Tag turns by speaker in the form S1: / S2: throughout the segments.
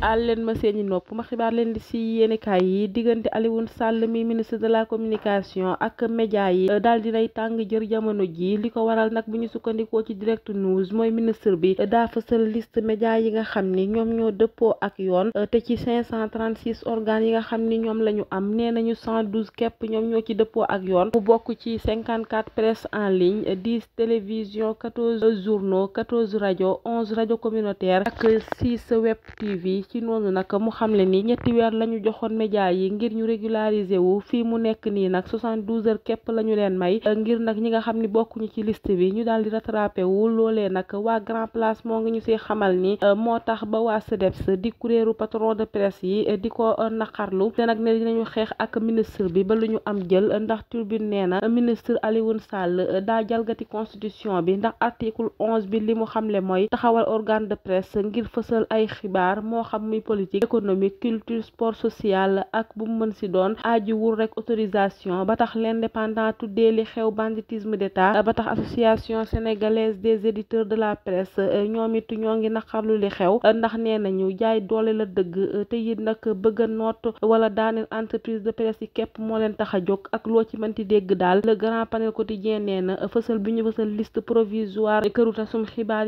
S1: al leen ma seeni nopp ma xibaar leen di si yéenekaay yi diggante Alioune Sall mi ministre de la communication ak média yi daal dinay tàng jër jamono ji li ko waral nag bu ñu sukkandikoo ci direct news mooy ministre bi daa fësal liste média yi nga xam ni ñoom ñoo dëppoo ak yoon te ci 536 organes yi nga xam ni ñoom la ñu am nee nañu 112 képp ñoom ñoo ci dëppoo ak yoon bu bokk ci 54 presse en ligne 10 télévision 14 journaux 14 rajo 11 rajo communautaire ak 6 web tv ci noonu nag mu xamle ni ñetti weer la ñu joxoon média yi ngir ñu régulariser wu fii mu nekk nii nag 72 heures képp la ñu leen may ngir nag ñi nga xam ni bokkuñu ci list bi ñu daal di rattrapé wu loolee nag waa grand place moo ngi ñu see xamal ni euh, moo tax ba waa SEDEPS di kuréelu patron de presse yi euh, di ko euh, naqarlu te nag ne dinañu xeex ak ministre bi ba lu ñu am jël ndax turbine nee na ministre Alioune Sall daa jalgati constitution bi ndax article 11 bi li mu xamle mooy taxawal organe de presse ngir fësal ay xibaar moo xam muy politique économique culture sport social ak bu mu mën si doon aji wul autorisation ba tax l'indépendant tuddee li xew banditisme d'état ba tax association sénégalaise des éditeurs de la presse ñoom it ñoo ngi naqarlu li xew ndax nee ñu jaay doole la dëgg te it nag bëgg a noot wala daaneel entreprise de presse yi képp moo leen tax a jóg ak loo ci mënti dégg daal le grand panel quotidien nee fësal bi ñu fësal liste provisoire këru tasum xibaar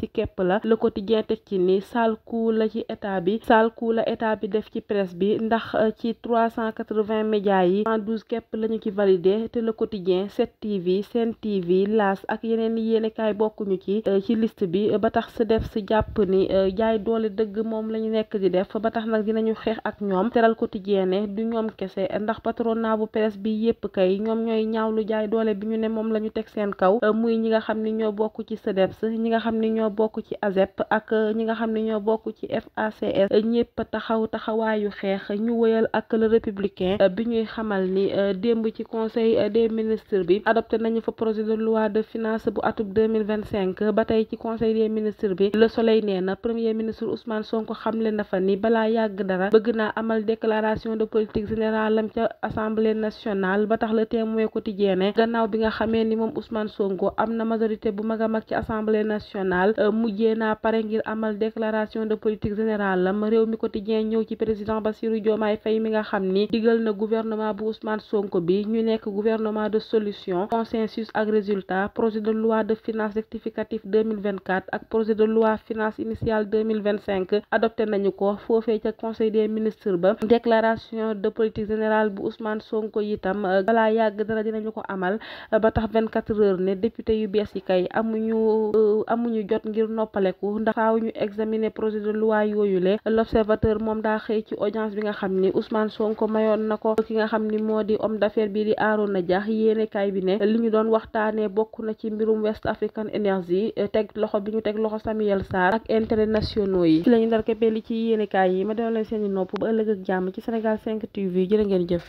S1: si képp la le quotidien teg ci ni saal coup la ci état bi saal ku la état bi def ci presse bi ndax euh, ci trois cent quatre-vingts médias yi cent douze képp la ñu ci validé te le quotidien 7TV Sen TV L'As ak yeneen yéenekaay bokkuñu ci euh, ci liste bi ba tax sa def si jàpp ni euh, jaay doole dëgg moom la ñu nekk di def ba tax nag dinañu xeex ak ñoom teral quotidien ne du ñoom kese ndax patronat bu presse bi yépp kay ñoom ñooy ñaawlu jaay doole bi ñu ne moom la ñu teg seen kaw muy ñi nga xam ni ñoo bokk ci SEDEPS ñoo bokk ci ASEP ak euh, ñi nga xam ne ñoo bokk ci FACS ñëpp taxaw taxawaayu xeex ñu woyal ak le républicain euh, bi ñuy xamal ni euh, démb ci conseil des ministres bi adopté nañu fa projet de loi de finance bu atub 2025 ba tey ci conseil des ministres bi le soleil nee na premier ministre Ousmane Sonko xamle na fa ni balaa yàgg dara bëgg naa amal déclaration de politique générale am ca assemblée nationale ba tax le témoin quotidien gannaaw bi nga xamee ni moom Ousmane Sonko am na majorité Euh, mujjee naa pare ngir amal déclaration de politique générale am réew mi quotidien ñëw ci président Bassirou Diomaye Faye mi nga xam ni digal na gouvernement bu Ousmane Sonko bi ñu nekk gouvernement de solution consensus ak résultat projet de loi de finances rectificative 2024 ak projet de loi finance initiale 2025 adopté nañu ko foofee ca conseil des ministres ba déclaration de politique générale bu Ousmane Sonko itam euh, balaa yàgg dara dinañu ko amal euh, ba tax 24 heures ne député yu bees yi kay ngir noppaleku ndax faaw ñu examiner projet de loi yooyule l'observateur moom daa xëy ci audience bi nga xam ni Ousmane Sonko mayoon na ko ki nga xam ni moo di om d'affaires bi di na jax yéenekaay bi ne li ñu doon waxtaanee bokk na ci mbirum West African Energy eh, teg loxo bi ñu teg loxo samiel Sarr ak intérêt nationaux yi ci la ñu ndar keppee ci yéenekaay yi ma delloo leen seen i nopp ba ëllëg ak jàmm ci Sénégal 5 TV jërë ngeen jëf